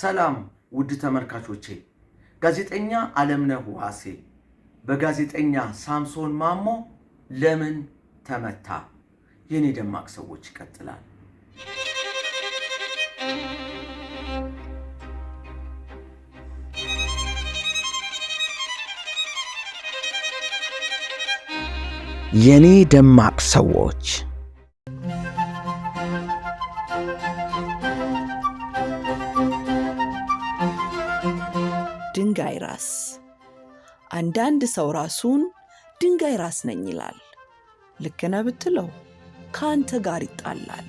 ሰላም ውድ ተመልካቾቼ፣ ጋዜጠኛ አለምነህ ዋሴ በጋዜጠኛ ሳምሶን ማሞ ለምን ተመታ? የኔ ደማቅ ሰዎች ይቀጥላል። የኔ ደማቅ ሰዎች ድንጋይ ራስ። አንዳንድ ሰው ራሱን ድንጋይ ራስ ነኝ ይላል። ልክ ነህ ብትለው ከአንተ ጋር ይጣላል።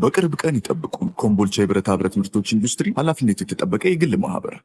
ቢኖር በቅርብ ቀን ይጠብቁ። ኮምቦልቻ የብረታ ብረት ምርቶች ኢንዱስትሪ ኃላፊነቱ የተጠበቀ የግል ማህበር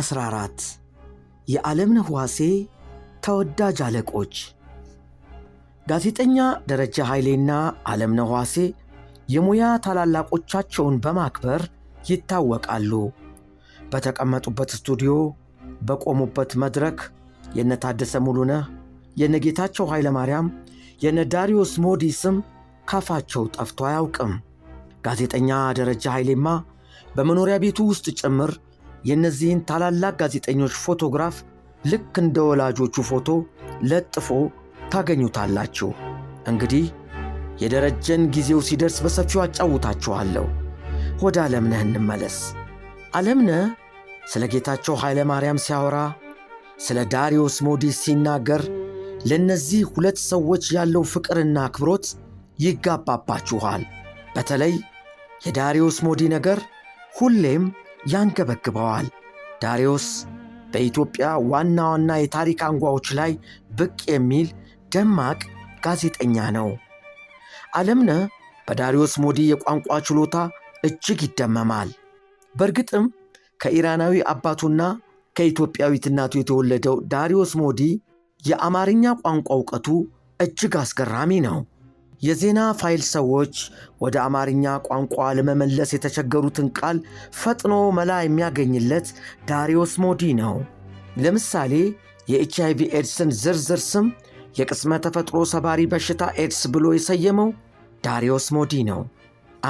አስራ አራት የዓለምነህ ዋሴ ተወዳጅ አለቆች ጋዜጠኛ ደረጃ ኃይሌና ዓለምነህ ዋሴ የሙያ ታላላቆቻቸውን በማክበር ይታወቃሉ። በተቀመጡበት ስቱዲዮ፣ በቆሙበት መድረክ የነታደሰ ሙሉነህ፣ የነጌታቸው ኃይለማርያም፣ የነዳሪዮስ ሞዲ ስም ካፋቸው ጠፍቶ አያውቅም። ጋዜጠኛ ደረጃ ኃይሌማ በመኖሪያ ቤቱ ውስጥ ጭምር የእነዚህን ታላላቅ ጋዜጠኞች ፎቶግራፍ ልክ እንደ ወላጆቹ ፎቶ ለጥፎ ታገኙታላችሁ። እንግዲህ የደረጀን ጊዜው ሲደርስ በሰፊው አጫውታችኋለሁ። ወደ ዓለምነህ እንመለስ። ዓለምነህ ስለ ጌታቸው ኃይለ ማርያም ሲያወራ፣ ስለ ዳሪዮስ ሞዲስ ሲናገር ለእነዚህ ሁለት ሰዎች ያለው ፍቅርና አክብሮት ይጋባባችኋል። በተለይ የዳሪዮስ ሞዲ ነገር ሁሌም ያንገበግበዋል። ዳሪዮስ በኢትዮጵያ ዋና ዋና የታሪክ አንጓዎች ላይ ብቅ የሚል ደማቅ ጋዜጠኛ ነው። አለምነ በዳሪዮስ ሞዲ የቋንቋ ችሎታ እጅግ ይደመማል። በእርግጥም ከኢራናዊ አባቱና ከኢትዮጵያዊት እናቱ የተወለደው ዳሪዮስ ሞዲ የአማርኛ ቋንቋ እውቀቱ እጅግ አስገራሚ ነው። የዜና ፋይል ሰዎች ወደ አማርኛ ቋንቋ ለመመለስ የተቸገሩትን ቃል ፈጥኖ መላ የሚያገኝለት ዳሪዮስ ሞዲ ነው። ለምሳሌ የኤች አይቪ ኤድስን ዝርዝር ስም የቅስመ ተፈጥሮ ሰባሪ በሽታ ኤድስ ብሎ የሰየመው ዳሪዮስ ሞዲ ነው።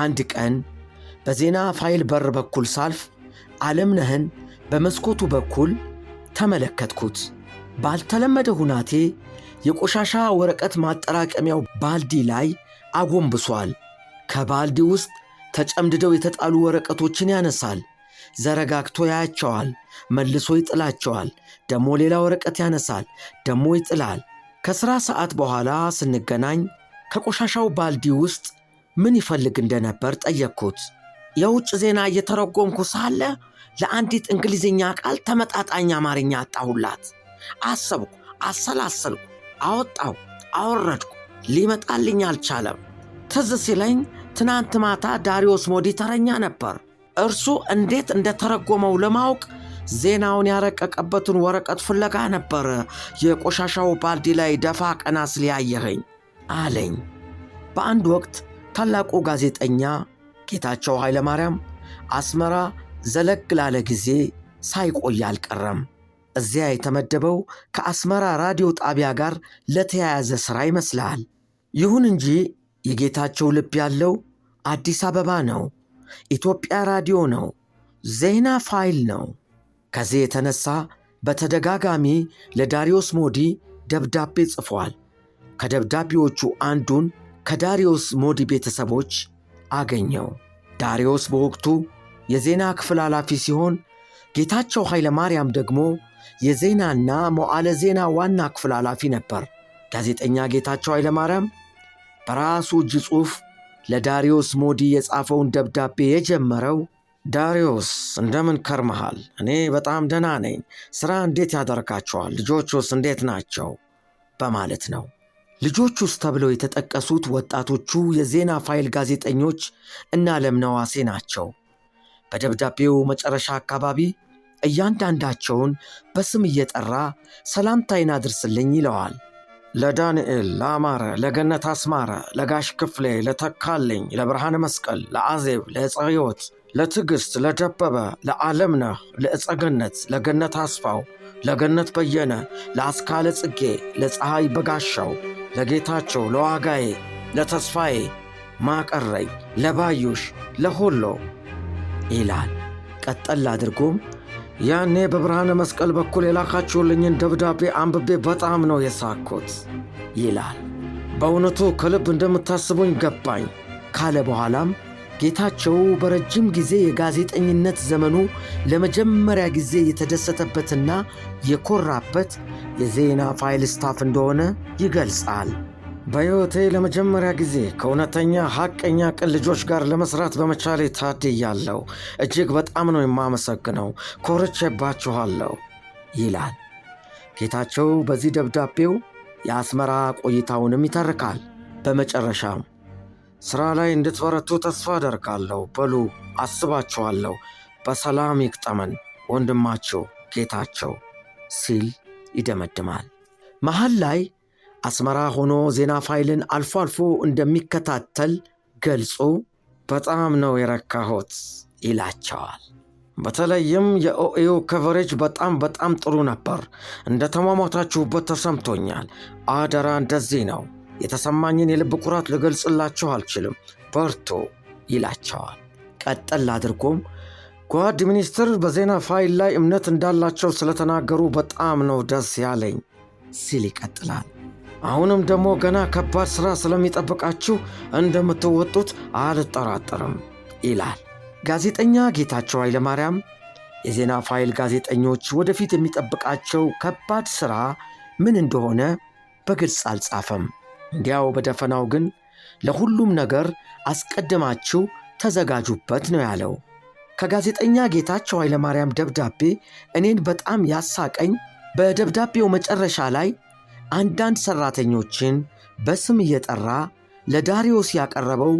አንድ ቀን በዜና ፋይል በር በኩል ሳልፍ ዓለምነህን በመስኮቱ በኩል ተመለከትኩት። ባልተለመደ ሁናቴ የቆሻሻ ወረቀት ማጠራቀሚያው ባልዲ ላይ አጎንብሷል። ከባልዲ ውስጥ ተጨምድደው የተጣሉ ወረቀቶችን ያነሳል። ዘረጋግቶ ያያቸዋል፣ መልሶ ይጥላቸዋል። ደሞ ሌላ ወረቀት ያነሳል፣ ደሞ ይጥላል። ከሥራ ሰዓት በኋላ ስንገናኝ ከቆሻሻው ባልዲ ውስጥ ምን ይፈልግ እንደነበር ጠየቅኩት። የውጭ ዜና እየተረጎምኩ ሳለ ለአንዲት እንግሊዝኛ ቃል ተመጣጣኝ አማርኛ አጣሁላት። አሰብኩ፣ አሰላሰልኩ። አወጣው፣ አወረድኩ። ሊመጣልኝ አልቻለም። ትዝ ሲለኝ ትናንት ማታ ዳሪዮስ ሞዲ ተረኛ ነበር። እርሱ እንዴት እንደተረጎመው ለማወቅ ዜናውን ያረቀቀበትን ወረቀት ፍለጋ ነበር የቆሻሻው ባልዲ ላይ ደፋ ቀና ስሊያየኸኝ አለኝ። በአንድ ወቅት ታላቁ ጋዜጠኛ ጌታቸው ኃይለማርያም አስመራ ዘለግ ላለ ጊዜ ሳይቆይ አልቀረም። እዚያ የተመደበው ከአስመራ ራዲዮ ጣቢያ ጋር ለተያያዘ ሥራ ይመስልሃል። ይሁን እንጂ የጌታቸው ልብ ያለው አዲስ አበባ ነው፣ ኢትዮጵያ ራዲዮ ነው፣ ዜና ፋይል ነው። ከዚህ የተነሳ በተደጋጋሚ ለዳሪዮስ ሞዲ ደብዳቤ ጽፏል። ከደብዳቤዎቹ አንዱን ከዳሪዮስ ሞዲ ቤተሰቦች አገኘው። ዳሪዮስ በወቅቱ የዜና ክፍል ኃላፊ ሲሆን ጌታቸው ኃይለ ማርያም ደግሞ የዜናና መዋዕለ ዜና ዋና ክፍል ኃላፊ ነበር። ጋዜጠኛ ጌታቸው ኃይለማርያም በራሱ እጅ ጽሑፍ ለዳሪዮስ ሞዲ የጻፈውን ደብዳቤ የጀመረው ዳሪዮስ እንደምን ከርመሃል? እኔ በጣም ደህና ነኝ። ሥራ እንዴት ያደርጋቸዋል? ልጆቹስ እንዴት ናቸው? በማለት ነው። ልጆቹስ ተብለው የተጠቀሱት ወጣቶቹ የዜና ፋይል ጋዜጠኞች እና ለምነዋሴ ናቸው። በደብዳቤው መጨረሻ አካባቢ እያንዳንዳቸውን በስም እየጠራ ሰላምታይን አድርስልኝ ይለዋል። ለዳንኤል፣ ለአማረ፣ ለገነት አስማረ፣ ለጋሽ ክፍሌ፣ ለተካልኝ፣ ለብርሃነ መስቀል፣ ለአዜብ፣ ለፀዮት፣ ለትዕግሥት፣ ለደበበ፣ ለዓለምነህ፣ ለእፀገነት፣ ለገነት አስፋው፣ ለገነት በየነ፣ ለአስካለ ጽጌ፣ ለፀሐይ በጋሻው፣ ለጌታቸው፣ ለዋጋዬ፣ ለተስፋዬ ማቀረኝ፣ ለባዩሽ፣ ለሆሎ ይላል። ቀጠል አድርጎም ያኔ በብርሃነ መስቀል በኩል የላካችሁልኝን ደብዳቤ አንብቤ በጣም ነው የሳኩት ይላል። በእውነቱ ከልብ እንደምታስቡኝ ገባኝ ካለ በኋላም ጌታቸው በረጅም ጊዜ የጋዜጠኝነት ዘመኑ ለመጀመሪያ ጊዜ የተደሰተበትና የኮራበት የዜና ፋይል ስታፍ እንደሆነ ይገልጻል። በሕይወቴ ለመጀመሪያ ጊዜ ከእውነተኛ ሐቀኛ ቅን ልጆች ጋር ለመስራት በመቻሌ ታድያለሁ። እጅግ በጣም ነው የማመሰግነው። ኮርቼባችኋለሁ ይላል ጌታቸው። በዚህ ደብዳቤው የአስመራ ቆይታውንም ይተርካል። በመጨረሻም ሥራ ላይ እንድትበረቱ ተስፋ አደርጋለሁ። በሉ አስባችኋለሁ። በሰላም ይቅጠመን ወንድማቸው ጌታቸው ሲል ይደመድማል። መሃል ላይ አስመራ ሆኖ ዜና ፋይልን አልፎ አልፎ እንደሚከታተል ገልጾ በጣም ነው የረካሁት ይላቸዋል። በተለይም የኦኤዮ ከቨሬጅ በጣም በጣም ጥሩ ነበር። እንደ ተሟሟታችሁበት ተሰምቶኛል። አደራ እንደዚህ ነው የተሰማኝን የልብ ኩራት ልገልጽላችሁ አልችልም። በርቶ ይላቸዋል። ቀጠል አድርጎም ጓድ ሚኒስትር በዜና ፋይል ላይ እምነት እንዳላቸው ስለተናገሩ በጣም ነው ደስ ያለኝ ሲል ይቀጥላል። አሁንም ደግሞ ገና ከባድ ሥራ ስለሚጠብቃችሁ እንደምትወጡት አልጠራጠርም ይላል ጋዜጠኛ ጌታቸው ኃይለማርያም። የዜና ፋይል ጋዜጠኞች ወደፊት የሚጠብቃቸው ከባድ ሥራ ምን እንደሆነ በግልጽ አልጻፈም። እንዲያው በደፈናው ግን ለሁሉም ነገር አስቀድማችሁ ተዘጋጁበት ነው ያለው። ከጋዜጠኛ ጌታቸው ኃይለማርያም ደብዳቤ እኔን በጣም ያሳቀኝ በደብዳቤው መጨረሻ ላይ አንዳንድ ሠራተኞችን በስም እየጠራ ለዳሪዮስ ያቀረበው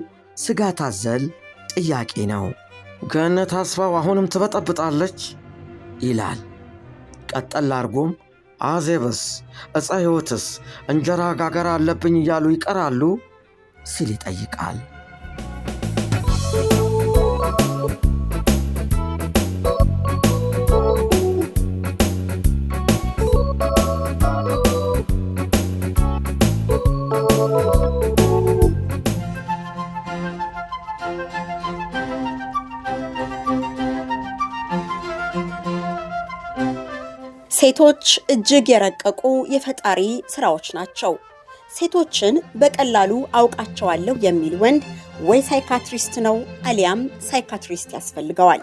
ስጋት አዘል ጥያቄ ነው። ገነት አስፋው አሁንም ትበጠብጣለች ይላል። ቀጠል አርጎም አዜብስ እፀ ሕይወትስ እንጀራ ጋገር አለብኝ እያሉ ይቀራሉ ሲል ይጠይቃል። ሴቶች እጅግ የረቀቁ የፈጣሪ ስራዎች ናቸው። ሴቶችን በቀላሉ አውቃቸዋለሁ የሚል ወንድ ወይ ሳይካትሪስት ነው አሊያም ሳይካትሪስት ያስፈልገዋል።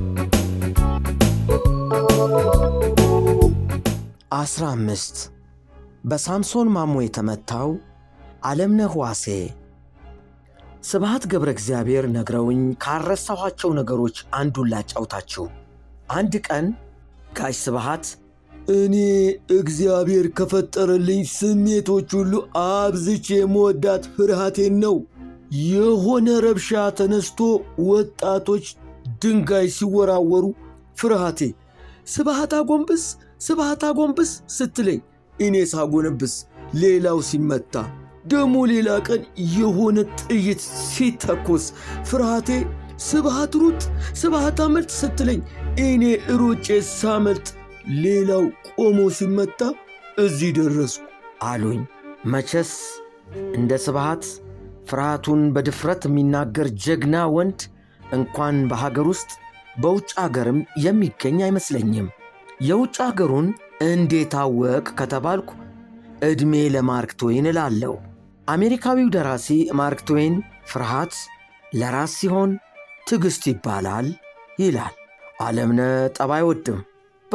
15 በሳምሶን ማሞ የተመታው ዓለምነህ ዋሴ። ስብሃት ገብረ እግዚአብሔር ነግረውኝ ካረሳኋቸው ነገሮች አንዱን ላጫውታችሁ። አንድ ቀን ጋሽ ስብሃት እኔ እግዚአብሔር ከፈጠረልኝ ስሜቶች ሁሉ አብዝቼ የመወዳት ፍርሃቴን ነው። የሆነ ረብሻ ተነስቶ ወጣቶች ድንጋይ ሲወራወሩ ፍርሃቴ ስብሃት አጎንብስ ስብሃት አጎንብስ ስትለኝ እኔ ሳጎነብስ ሌላው ሲመታ ደሞ ሌላ ቀን የሆነ ጥይት ሲተኮስ ፍርሃቴ ስብሃት ሩጥ፣ ስብሃት አመልጥ ስትለኝ እኔ ሮጬ ሳመልጥ ሌላው ቆሞ ሲመታ እዚህ ደረስኩ አሉኝ። መቼስ እንደ ስብሃት ፍርሃቱን በድፍረት የሚናገር ጀግና ወንድ እንኳን በሀገር ውስጥ በውጭ አገርም የሚገኝ አይመስለኝም። የውጭ አገሩን እንዴት አወቅ ከተባልኩ ዕድሜ ለማርክ ትዌን እላለሁ። አሜሪካዊው ደራሲ ማርክ ትዌን ፍርሃት ለራስ ሲሆን ትዕግሥት ይባላል ይላል። ዓለምነህ ጠብ አይወድም።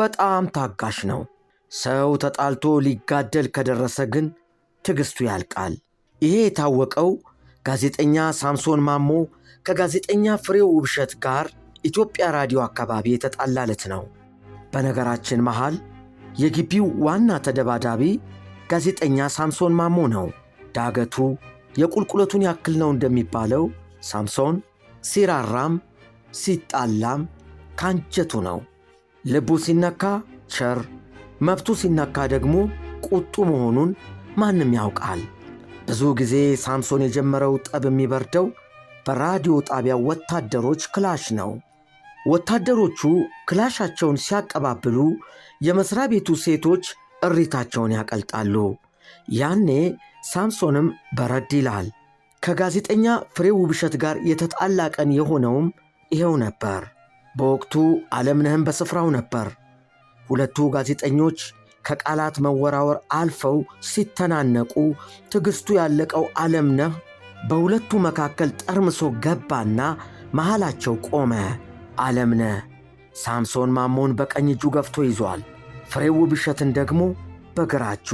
በጣም ታጋሽ ነው። ሰው ተጣልቶ ሊጋደል ከደረሰ ግን ትዕግሥቱ ያልቃል። ይሄ የታወቀው ጋዜጠኛ ሳምሶን ማሞ ከጋዜጠኛ ፍሬው ውብሸት ጋር ኢትዮጵያ ራዲዮ አካባቢ የተጣላለት ነው። በነገራችን መሃል የግቢው ዋና ተደባዳቢ ጋዜጠኛ ሳምሶን ማሞ ነው። ዳገቱ የቁልቁለቱን ያክል ነው እንደሚባለው ሳምሶን ሲራራም ሲጣላም ካንጀቱ ነው። ልቡ ሲነካ ቸር፣ መብቱ ሲነካ ደግሞ ቁጡ መሆኑን ማንም ያውቃል። ብዙ ጊዜ ሳምሶን የጀመረው ጠብ የሚበርደው በራዲዮ ጣቢያ ወታደሮች ክላሽ ነው። ወታደሮቹ ክላሻቸውን ሲያቀባብሉ የመሥሪያ ቤቱ ሴቶች እሪታቸውን ያቀልጣሉ። ያኔ ሳምሶንም በረድ ይላል። ከጋዜጠኛ ፍሬ ውብሸት ጋር የተጣላ ቀን የሆነውም ይኸው ነበር። በወቅቱ ዓለምነህም በስፍራው ነበር። ሁለቱ ጋዜጠኞች ከቃላት መወራወር አልፈው ሲተናነቁ ትዕግሥቱ ያለቀው ዓለምነህ በሁለቱ መካከል ጠርምሶ ገባና መሃላቸው ቆመ። አለምነ ሳምሶን ማሞን በቀኝ እጁ ገፍቶ ይዟል። ፍሬው ብሸትን ደግሞ በግራ እጁ።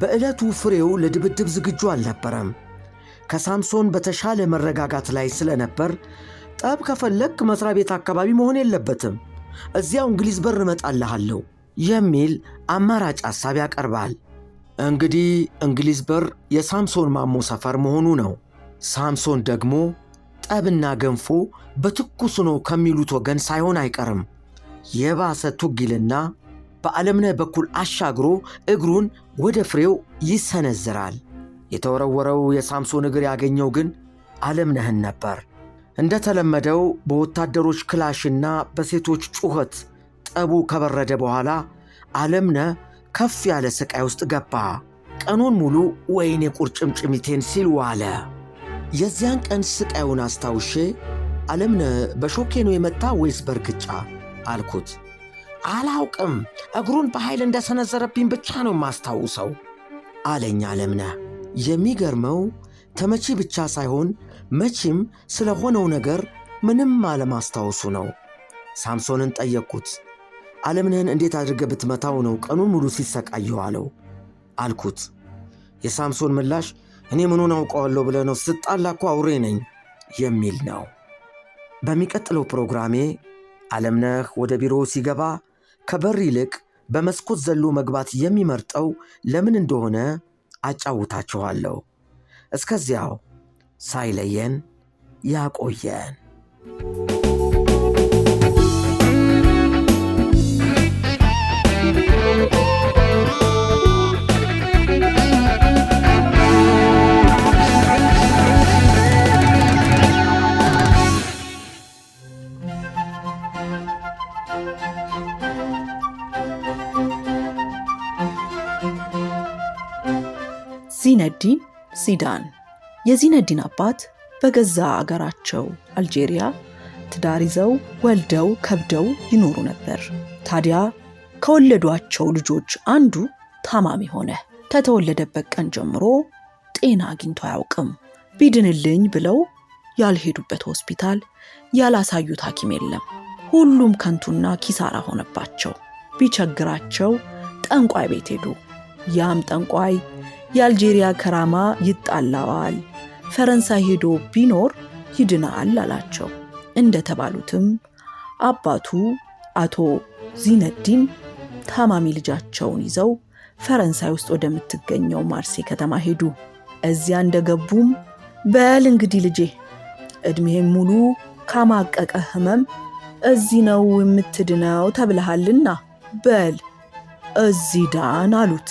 በዕለቱ ፍሬው ለድብድብ ዝግጁ አልነበረም። ከሳምሶን በተሻለ መረጋጋት ላይ ስለነበር ጠብ ከፈለግ መሥሪያ ቤት አካባቢ መሆን የለበትም፣ እዚያው እንግሊዝ በር እመጣልሃለሁ የሚል አማራጭ ሐሳብ ያቀርባል። እንግዲህ እንግሊዝ በር የሳምሶን ማሞ ሰፈር መሆኑ ነው። ሳምሶን ደግሞ ጠብና ገንፎ በትኩሱ ነው ከሚሉት ወገን ሳይሆን አይቀርም። የባሰ ቱጊልና በዓለምነህ በኩል አሻግሮ እግሩን ወደ ፍሬው ይሰነዝራል። የተወረወረው የሳምሶን እግር ያገኘው ግን ዓለምነህን ነበር። እንደተለመደው በወታደሮች ክላሽና በሴቶች ጩኸት ጠቡ ከበረደ በኋላ ዓለምነህ ከፍ ያለ ሥቃይ ውስጥ ገባ። ቀኑን ሙሉ ወይኔ ቁርጭምጭሚቴን ሲል ዋለ። የዚያን ቀን ስቃዩን አስታውሼ አለምነ በሾኬ ነው የመታ ወይስ በርግጫ አልኩት። አላውቅም፣ እግሩን በኃይል እንደሰነዘረብኝ ብቻ ነው የማስታውሰው አለኝ አለምነ የሚገርመው ተመቺ ብቻ ሳይሆን መቺም ስለሆነው ነገር ምንም አለማስታወሱ ነው። ሳምሶንን ጠየቅኩት። ዓለምነህን እንዴት አድርገ ብትመታው ነው ቀኑን ሙሉ ሲሰቃየው አለው አልኩት። የሳምሶን ምላሽ እኔ ምኑን አውቀዋለሁ ብለህ ነው? ስጣላ እኮ አውሬ ነኝ የሚል ነው። በሚቀጥለው ፕሮግራሜ አለምነህ ወደ ቢሮ ሲገባ ከበር ይልቅ በመስኮት ዘሎ መግባት የሚመርጠው ለምን እንደሆነ አጫውታችኋለሁ። እስከዚያው ሳይለየን ያቆየን። ዚነዲን ሲዳን የዚነዲን አባት በገዛ አገራቸው አልጄሪያ ትዳር ይዘው ወልደው ከብደው ይኖሩ ነበር። ታዲያ ከወለዷቸው ልጆች አንዱ ታማሚ ሆነ። ከተወለደበት ቀን ጀምሮ ጤና አግኝቶ አያውቅም። ቢድንልኝ ብለው ያልሄዱበት ሆስፒታል ያላሳዩት ሐኪም የለም። ሁሉም ከንቱና ኪሳራ ሆነባቸው። ቢቸግራቸው ጠንቋይ ቤት ሄዱ። ያም ጠንቋይ የአልጄሪያ ከራማ ይጣላዋል፣ ፈረንሳይ ሄዶ ቢኖር ይድናል አላቸው። እንደተባሉትም አባቱ አቶ ዚነዲን ታማሚ ልጃቸውን ይዘው ፈረንሳይ ውስጥ ወደምትገኘው ማርሴ ከተማ ሄዱ። እዚያ እንደገቡም በል እንግዲህ ልጄ ዕድሜህም ሙሉ ካማቀቀ ህመም እዚህ ነው የምትድነው ተብለሃልና በል እዚህ ዳን አሉት።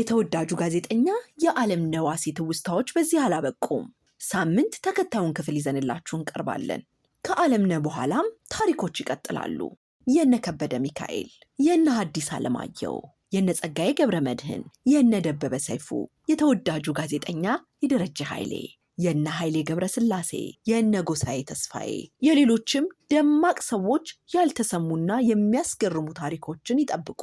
የተወዳጁ ጋዜጠኛ የዓለም ነዋሴ ትውስታዎች በዚህ አላበቁም። ሳምንት ተከታዩን ክፍል ይዘንላችሁ እንቀርባለን። ከዓለም ነ በኋላም ታሪኮች ይቀጥላሉ። የነ ከበደ ሚካኤል፣ የነ ሐዲስ ዓለማየሁ፣ የነ ጸጋዬ ገብረ መድህን፣ የነ ደበበ ሰይፉ፣ የተወዳጁ ጋዜጠኛ የደረጀ ኃይሌ፣ የነ ኃይሌ ገብረ ስላሴ፣ የነ ጎሳዬ ተስፋዬ፣ የሌሎችም ደማቅ ሰዎች ያልተሰሙና የሚያስገርሙ ታሪኮችን ይጠብቁ።